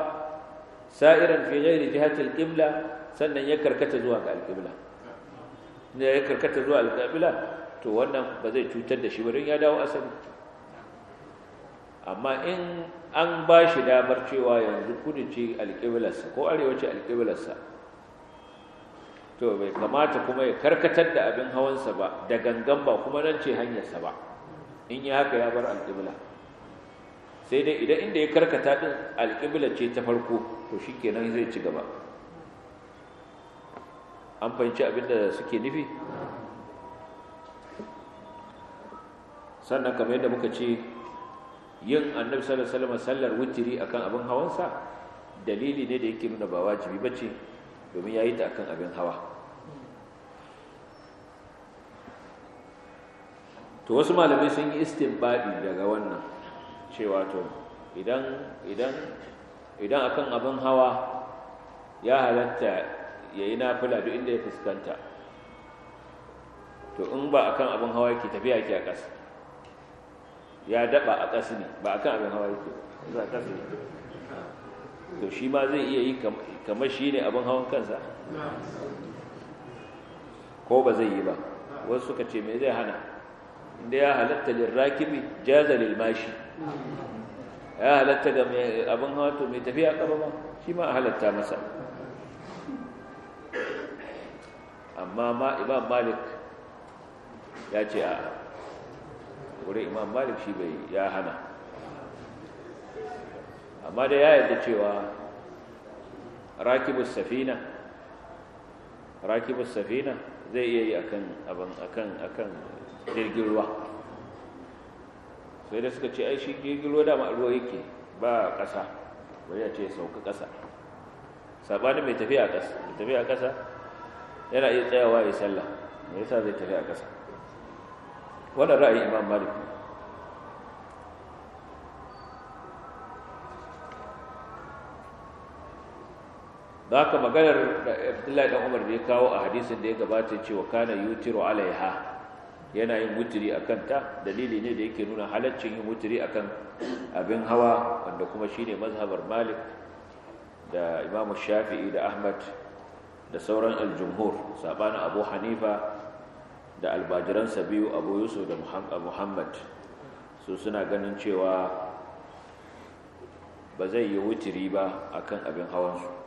sa'iran fi ghairi jihatil alƙibla, sannan ya karkata zuwa ga alƙibla ne ya karkata zuwa alƙibla to wannan ba zai cutar da shi ba ya dawo asali amma in an ba shi damar cewa yanzu kudu ce alƙiblarsa ko arewa ce alƙiblarsa to bai kamata kuma ya karkatar da abin hawansa ba da gangan ba kuma nan ce hanyarsa ba in ya haka ya bar alƙibla sai dai idan inda ya karkata ɗin alƙibla ce ta farko to shi kenan zai ci gaba an fahimci abin da suke nufi sannan kamar yadda muka ce yin annabi sallallahu alaihi wasallam sallar witiri akan abin hawansa dalili ne da yake nuna ba wajibi bace domin yayi ta akan abin hawa to wasu malamai sun yi istinbadi daga wannan cewa to idan idan idan akan abin hawa ya halatta ya yi nafila duk inda ya fuskanta to in ba akan abin hawa yake tafiya yake a ƙasa ya daba a ƙasa ne ba akan abin hawa yake za ka ne to shi ma zai iya yi kamar shi ne abin hawan kansa ko ba zai yi ba wasu suka ce me zai hana inda ya halatta lirrakibi jaza lilmashi ya halatta ga abin hato mai tafiya kafa ba shi ma halatta masa amma ma imam malik ya ce a wurin imam malik shi bai ya hana amma da ya yadda cewa rakibus safina rakibus safina zai iya yi akan abin akan akan jirgin ruwa sai da suka ce ai shi jirgin ruwa dama ruwa yake ba ƙasa bari a ce sauka ƙasa sabanin mai tafiya a ƙasa mai tafiya a ƙasa yana iya tsayawa ya salla. me yasa zai tafi a ƙasa wannan ra'ayin imam malik da haka maganar da abdullahi dan umar da ya kawo a hadisin da ya gabata cewa kana yutiru alaiha yana yin wutiri a kanta dalili ne da yake nuna halaccin yin wutiri a kan abin hawa wanda kuma shi ne mazhabar malik da imamu shafi'i da ahmad da sauran aljumhur saɓanin abu hanifa da albajiransa biyu abu yusuf da muhammad su suna ganin cewa ba zai yi wutiri ba a kan abin hawansu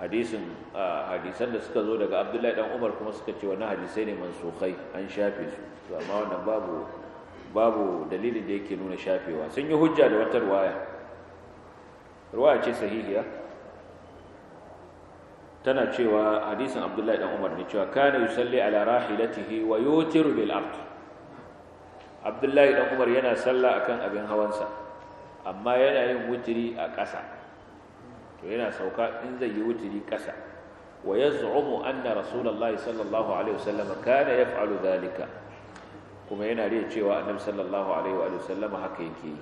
hadisin hadisan da suka zo daga abdullahi dan umar kuma suka ce wani hadisai ne mansukhai an shafe su to amma wannan babu dalilin da yake nuna shafewa sun yi hujja da wata ruwaya ruwaya ce sahihiya tana cewa hadisin abdullahi dan umar ne cewa kana yusalli ala rahilatihi wa yutiru bil ard abdullahi dan umar yana sallah akan abin hawansa amma yana yin wutiri a ƙasa to yana sauka in zai yi wuturi ƙasa wa yaz'umu anna rasulullahi sallallahu alaihi wasallam kana yaf'alu dhalika kuma yana riya cewa annabi sallallahu alaihi wa sallam haka yake yi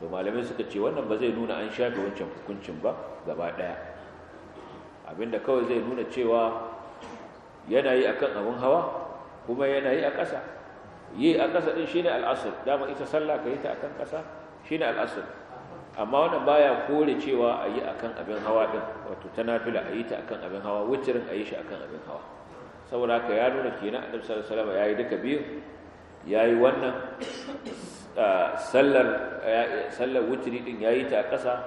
to malamai suka ce wannan ba zai nuna an shafe wancan hukuncin ba gaba daya abinda kawai zai nuna cewa yana yi akan abin hawa kuma yana yi a ƙasa yi a ƙasa din shine al'asr dama ita sallah ka yi ta akan ƙasa shine al'asr amma wanda baya kore cewa a yi a kan abin hawa din wato ta nafila a yi ta a kan abin hawa wucirin a yi shi a kan abin hawa saboda haka ya nuna kenan annabi sallallahu alaihi ya yi duka biyu ya yi wannan sallar sallar wutiri din ya yi ta a ƙasa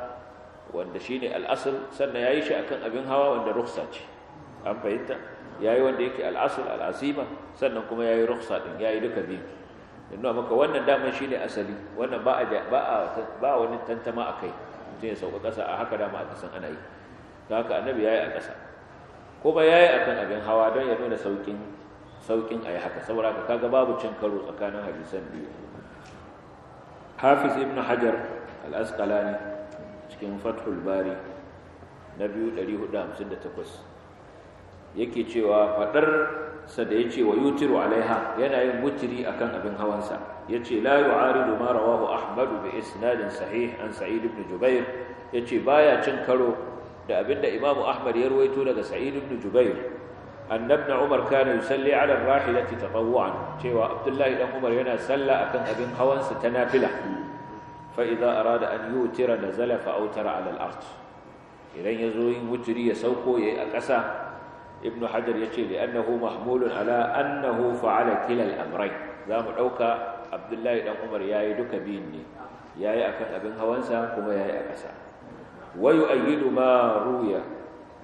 wanda shi ne al'asr sannan ya yi shi a kan abin hawa wanda ruksa ce an fahimta ya yi wanda yake al'asr al'azima sannan kuma ya yi ruksa din ya yi duka biyu nuna maka wannan damar shi ne asali wannan ba a wani tantama a kai mutum ya sauka ƙasa a haka dama a ƙasan ana yi ta haka annabi ya yi a ƙasa kuma ya yi a kan abin hawa don ya nuna sauƙin a yi haka saboda haka kaga babu cin karo tsakanin hadisan biyu hafiz ibn hajar al askalani cikin fathul bari na biyu ɗari hudu hamsin da takwas yake cewa faɗar sada ce wa yutiru alaiha yana yin wutiri akan abin hawansa yace la yu'aridu ma rawahu ahmadu bi isnadin sahih an sa'id ibn jubair yace baya cin karo da abinda imamu ahmad ya ruwaito daga sa'id ibn jubair annabna umar kana yusalli ala ar-rahilati tatawwan cewa abdullahi dan umar yana salla akan abin hawansa ta nafila fa idza arada an yutira da zalafa autara ala al idan idan zo yin wutiri ya sauko ya yi a ƙasa ibn hajar ya ce da annahu mahmulun ala annahu fa'ala kila amrai za mu ɗauka abdullahi Dan umar ya yi duka biyun ne ya yi a kan abin hawansa kuma ya yi a ƙasa wayu ayyidu ma ruya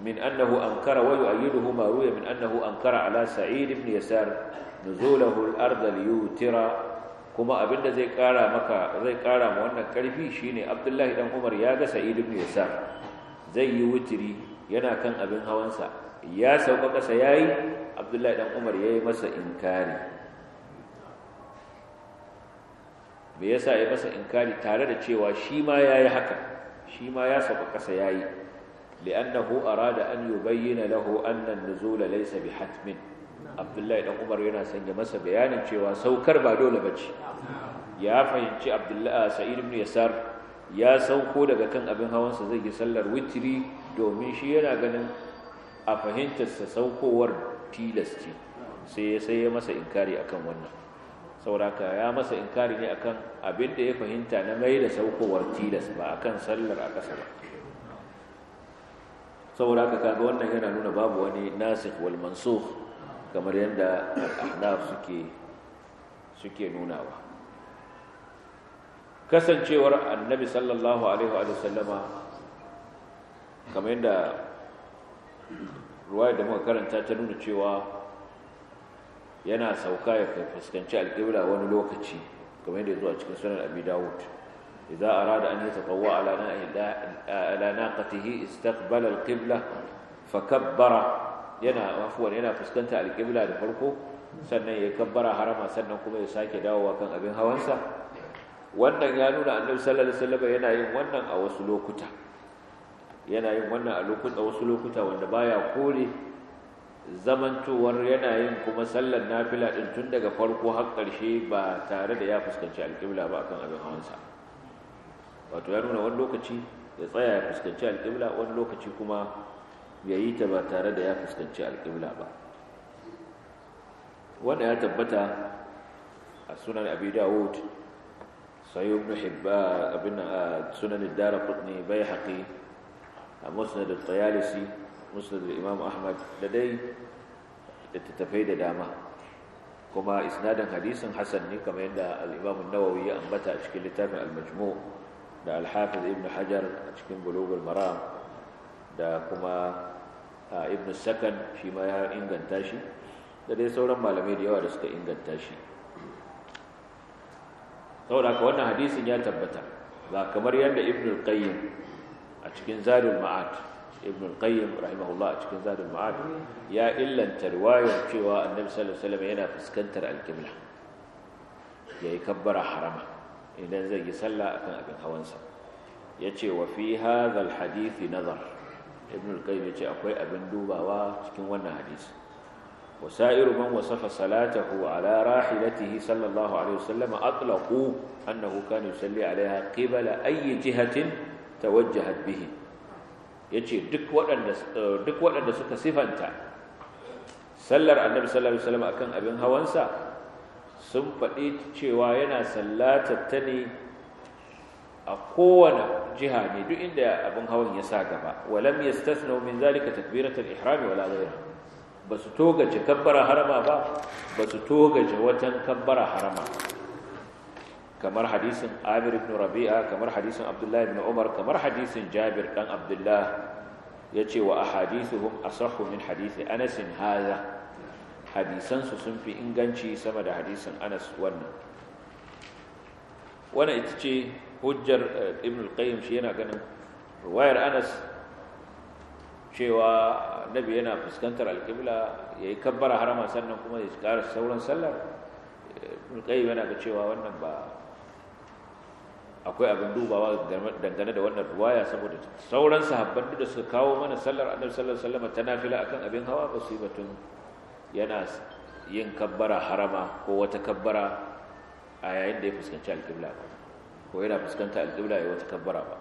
min annahu ankara wayu ayyiduhu ma ruya min annahu ankara ala sa'id ibn yasar nuzulahu al-ardh liyutira kuma abinda zai kara maka zai kara ma wannan karfi shine Abdullahi dan Umar ya ga Sa'id ibn Yasar zai yi wutiri yana kan abin hawansa ya sauka kasa ya yi abdullahi ɗan umar ya yi masa inkari me sa ya masa inkari tare da cewa shi ma ya yi haka shi ma ya sauka kasa ya yi li'annahu arada an yubayyana lahu laho an-nuzula bi hatmin abdullahi dan umar yana sanya masa bayanin cewa saukar ba dole ba ce. ya fahimci abdullahi ah, sa'id ibn yasar ya sauko daga kan abin hawansa zai yi sallar witiri domin shi yana ganin a fahimtarsa saukowar tilas ce sai ya sai ya masa inkari akan wannan sauraka ya masa inkari ne akan abin da ya fahimta na mai da saukowar tilas ba akan sallar a ƙasa ba sauraka kaga wannan yana nuna babu wani nasikh wal mansukh kamar yadda al-ahnaf suke suke nunawa kasancewar annabi sallallahu alaihi wa sallama kamar yadda ruwaya da muka karanta ta nuna cewa yana sauka ya fuskanci alƙibla wani lokaci kamar yadda zuwa cikin sunan abi dawud idza arada an yatawwa ala ala naqatihi istaqbala alqibla fakabbara yana afwan yana fuskanta alqibla da farko sannan ya kabbara harama sannan kuma ya sake dawowa kan abin hawansa wannan ya nuna annabi sallallahu alaihi wasallam yana yin wannan a wasu lokuta yana yin wannan a lokuta wasu lokuta wanda baya kore zamantowar yana yin kuma sallar nafila ɗin tun daga farko har ƙarshe ba tare da ya fuskanci alƙibla ba akan abin hawansa wato ya nuna wani lokaci ya tsaya ya fuskanci alƙibla wani lokaci kuma ya yi ta ba tare da ya fuskanci alƙibla ba wanda ya tabbata a sunan abi dawud sayyid ibn hibba abin sunan ad-darqutni musnad al-tayalisi musnad al-imam ahmad da dai littattafai da dama kuma isnadin hadisin hasan ne kamar yadda al-imam nawawi ya ambata a cikin littafin al-majmu' da al-hafiz ibn hajar a cikin bulughul maram da kuma ibn sakan shi ma ya inganta shi da dai sauran malamai da yawa da suka inganta shi saboda ka wannan hadisin ya tabbata ba kamar yadda ibn al a cikin zadul ma'ad ibn al-qayyim rahimahullah a cikin zadul ma'ad ya illanta riwayar cewa annabi sallallahu alaihi yana fuskantar alqibla yayi kabbara harama idan zai yi sallah akan abin hawansa yace wa fi hadha al-hadith nazar ibn al-qayyim yace akwai abin dubawa cikin wannan hadisi وسائر من وصف صلاته على راحلته صلى الله عليه وسلم أطلقوا أنه كان يصلي عليها قبل أي جهة tawajjahat bihi yace duk waɗanda eh, duk waɗanda suka sifanta sallar annabi sallallahu alaihi wasallam akan abin hawansa sun faɗi cewa yana sallatar ta ne a kowane jiha ne duk inda abin hawan ya sa gaba walam yastathna min zalika takbiratul ihram wala ghayra basu su togace kabbara harama ba basu su togace kabbara harama kamar hadisin amir ibn rabi'a kamar hadisin abdullahi ibn umar kamar hadisin jabir dan abdullah ya ce wa ahadithuhum asahhu min hadisi anas hadha hadisansu sun fi inganci sama da hadisin anas wannan wannan ita ce hujjar eh, ibn al-qayyim shi yana ganin ruwayar anas cewa nabi yana fuskantar alƙibla ya yi kabbara harama sannan kuma ya ƙara sauran sallar ƙayyar eh, yana ga cewa wannan ba akwai abin dubawa dangane da wannan ruwaya saboda sauran sahabban da suka kawo mana sallar annabi sallallahu alaihi wasallam ta nafila akan abin hawa ba su yi batun yana yin kabbara harama ko wata kabbara a yayin da ya fuskanci alƙibla ba ko yana fuskanta alƙibla ya wata kabbara ba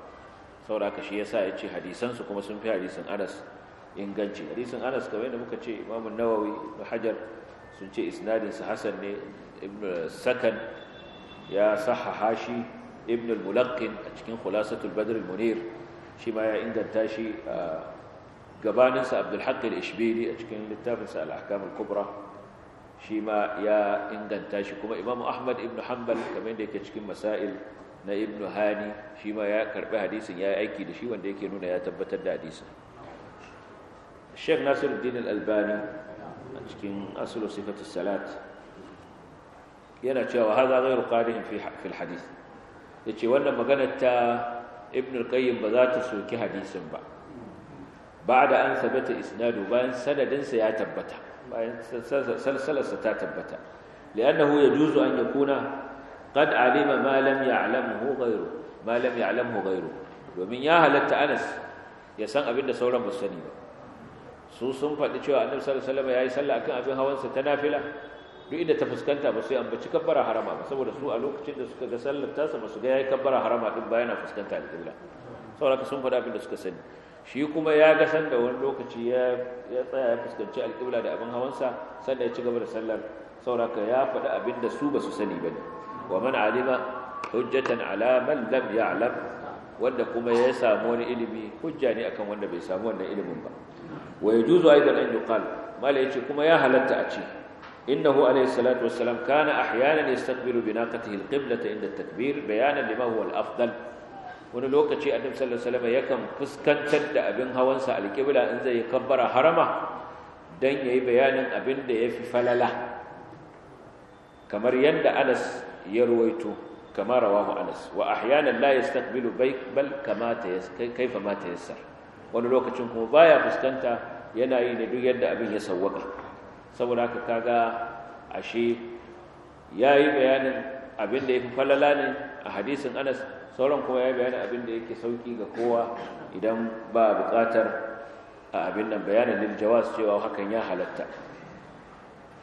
saboda haka shi yasa ya ce hadisan su kuma sun fi hadisan Anas inganci Hadisan Anas kamar yadda muka ce Imam Nawawi da Hajar sun ce isnadin sa Hasan ne Ibn Sakan ya sahaha shi ibn al a cikin khulasatul badr al-munir shi ma ya inganta shi gabanin sa abdul haqq al-ishbili a cikin littafin sa al-ahkam al-kubra shi ma ya inganta shi kuma Imam ahmad ibn hanbal kamar da yake cikin masail na ibn hani shi ma ya karbi hadisin ya aiki da shi wanda yake nuna ya tabbatar da hadisin Sheikh Nasiruddin Al-Albani a cikin aslu salat yana cewa hadha ghayru qadihin fi fi al-hadith ya ce wannan maganar ta ibn al-qayyim ba za ta soki hadisin ba ba da an sabata isnadu bayan sanadinsa ya tabbata bayan salsalarsa ta tabbata li'annahu yajuzu an yakuna qad alima ma lam ya'lamhu ghayru ma lam ya'lamhu ghayru domin ya halatta Anas ya san abin da sauran ba su sani ba su sun faɗi cewa annabi sallallahu alaihi wasallam sallah akan abin hawansa ta nafila duk inda ta fuskanta ba sai ambaci kabbara harama ba saboda su a lokacin da suka ga sallar tasa ba su ga yayi kabbara harama din ba yana fuskanta alƙibla saboda sun faɗa abin da suka sani shi kuma ya ga sanda wani lokaci ya tsaya ya fuskanci alƙibla da abin hawansa sannan ya ci gaba da sallar ka ya faɗi abin da su ba su sani ba ne wa man alima hujjatan ala man lam ya'lam wanda kuma ya samu wani ilimi hujja ne akan wanda bai samu wannan ilimin ba wa yajuzu aidan an yuqal mala yace kuma ya halatta a ce إنه عليه الصلاة والسلام كان أحيانا يستقبل بناقته القبلة عند التكبير بيانا لما هو الأفضل wani lokaci annabi sallallahu alaihi wasallam yakan fuskantar da abin hawansa alƙibla in zai kabbara harama dan yayi bayanin abin da yafi falala kamar yadda Anas ya ruwaito kama rawahu Anas wa ahyanan la yastaqbilu bayk bal kama kaifa ma yassar. wani lokacin kuma baya fuskanta yana yi ne duk yadda abin ya sawwaka saboda haka kaga ashe ya yi bayanin abin da ya fi falala ne a hadisin anas sauran kuma ya yi bayanin abin da yake sauki ga kowa idan ba buƙatar a abin nan bayanin lil jawaz cewa hakan ya halatta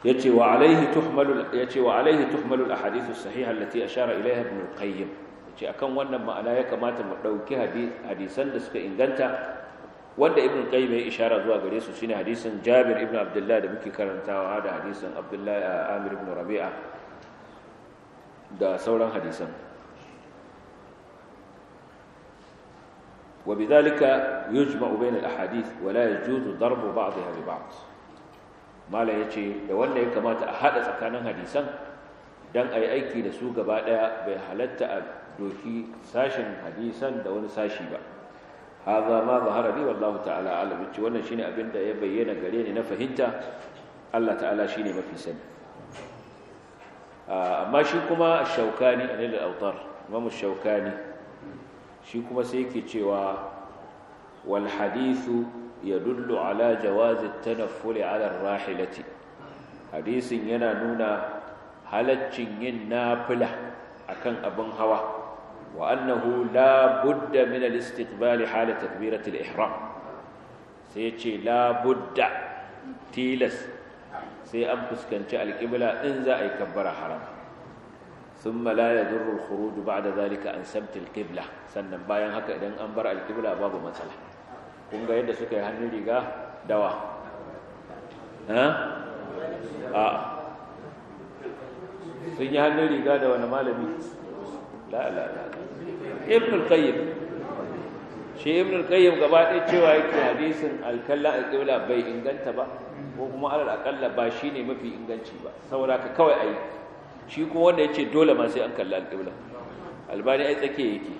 yace wa alaihi tuhmalu yace wa alaihi tuhmalu al ahadith as sahiha allati ashara ilayha ibn al qayyim yace akan wannan ma'ana ya kamata mu dauki hadisan da suka inganta wanda ibn qayyim ya ishara zuwa gare su shine hadisin jabir ibn abdullah da muke karantawa da hadisin abdullah amir ibn rabi'a da sauran hadisan وبذلك يجمع بين الاحاديث ولا يجوز ضرب بعضها ببعض malam ya ce da wanda ya kamata a hada tsakanin hadisan dan ai aiki da su gaba daya bai halatta a doki sashin hadisan da wani sashi ba hadha ma zahara li wallahu ta'ala alim ce wannan shine abin da ya bayyana gare ni na fahimta Allah ta'ala shine mafi sani amma shi kuma shaukani anil autar imam shaukani shi kuma sai yake cewa wal ya yadullu ala jawaz at-tanafful ala ar-rahilati hadisin yana nuna halaccin yin nafila akan abin hawa وأنه لا بد من الاستقبال حال تكبيرة الإحرام سيتشي لا بد تيلس سي أنفس كنشاء القبلة إنزا أي كبر حرام ثم لا يضر الخروج بعد ذلك عن سبت القبلة سنن باين هكا إذن أنبر القبلة باب مسألة kun ga yadda suka yi hannun riga dawa a sun yi hannun riga da wani malami la'ala'ala ibn al-qayyim shi ibn al-qayyim gaba ɗaya cewa yake hadisin alkalla alqibla bai inganta ba ko kuma alal aqalla ba shine mafi inganci ba saboda ka kawai ayi shi kuma wanda yace dole ma sai an kalla alqibla albani ai tsake yake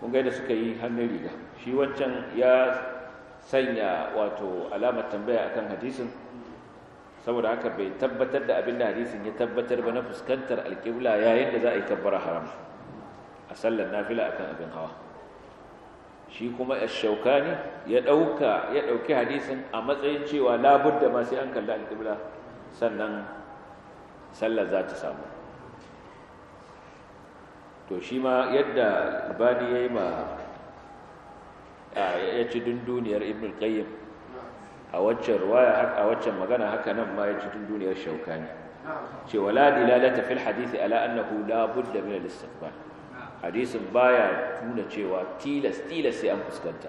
kun ga da suka yi hannun riga shi wancan ya sanya wato alamar tambaya akan hadisin saboda haka bai tabbatar da abin hadisin ya tabbatar ba na fuskantar alƙibla yayin da za a yi kabbara haram sallar nafila akan abin hawa shi kuma ash-shaukani ya dauka ya dauki hadisin a matsayin cewa labudda ma sai an kalla al-qibla sannan sallar za ta samu to shi ma yadda bani ya yi ma ya ci dunduniyar ibn qayyim a waccan a waccan magana haka nan ma ya ci dunduniyar shaukani ce wala dilalata fil hadisi ala annahu la min al-istiqbal hadisin baya nuna cewa tilas tilas sai an fuskanta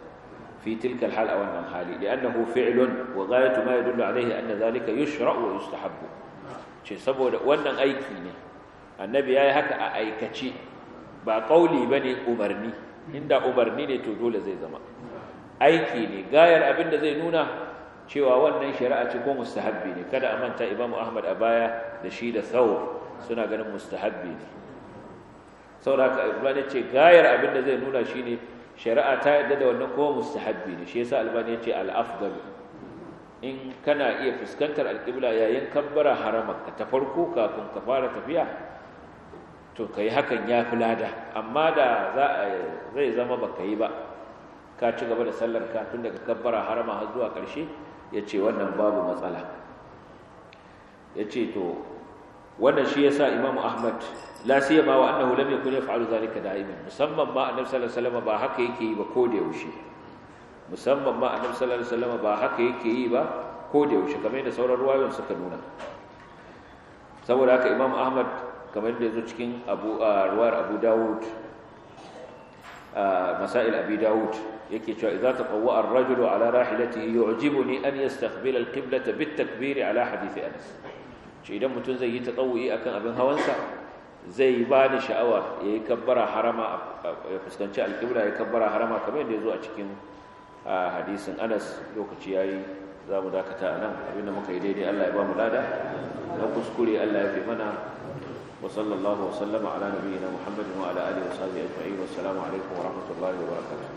fi hal a wannan hali li'annahu fi'lun wa ghayatu ma yadullu alayhi anna zalika yushra'u wa yustahabbu ce saboda wannan aiki ne annabi yayi haka a aikace ba kauli bane umarni inda umarni ne to dole zai zama aiki ne gayar abin da zai nuna cewa wannan shari'a ce ko mustahabbi ne kada a manta imamu ahmad a baya da shi da thawb suna ganin mustahabbi ne saboda albani ce gayar abin da zai nuna shine shari'a ta yadda da wannan kowa mustahabbi ne shi yasa albani ce al-afdal in kana iya fuskantar alƙibla yayin kabbara ka ta farko kafin ka fara tafiya to ka yi hakan ya fi lada amma da zai zama ba ka yi ba ka ci gaba da sallar ka tun daga kabbara harama har zuwa ƙarshe ya ce wannan babu matsala ya ce to wannan shi yasa Imam Ahmad la siyama wa annahu lam yakun yaf'alu zalika da'iman musamman ma annabi sallallahu alaihi wasallam ba haka yake yi ba ko da yaushe musamman ma annabi sallallahu alaihi wasallam ba haka yake yi ba ko da yaushe kamar yadda sauran ruwayoyin suka nuna saboda haka Imam Ahmad kamar da yazo cikin Abu ruwar Abu Dawud masail Abi Dawud yake cewa idza taqawwa ar-rajulu ala rahilatihi yu'jibuni an yastaqbila al-qiblata bit takbiri ala hadith Anas shi idan mutum zai yi tatsawo'i akan abin hawansa zai yi ba ni sha'awa ya yi kabbara harama ya fuskanci alƙibla ya kabbara harama kamar yadda ya zo a cikin hadisin anas lokaci ya yi za mu dakata nan abinda muka yi daidai allah ya ba mu lada na kuskure allah ya fi mana wa sallallahu wa sallama ala nabiyyina muhammadin wa ala alihi wa sahbihi ajma'in wa assalamu alaikum wa rahmatullahi wa barakatuh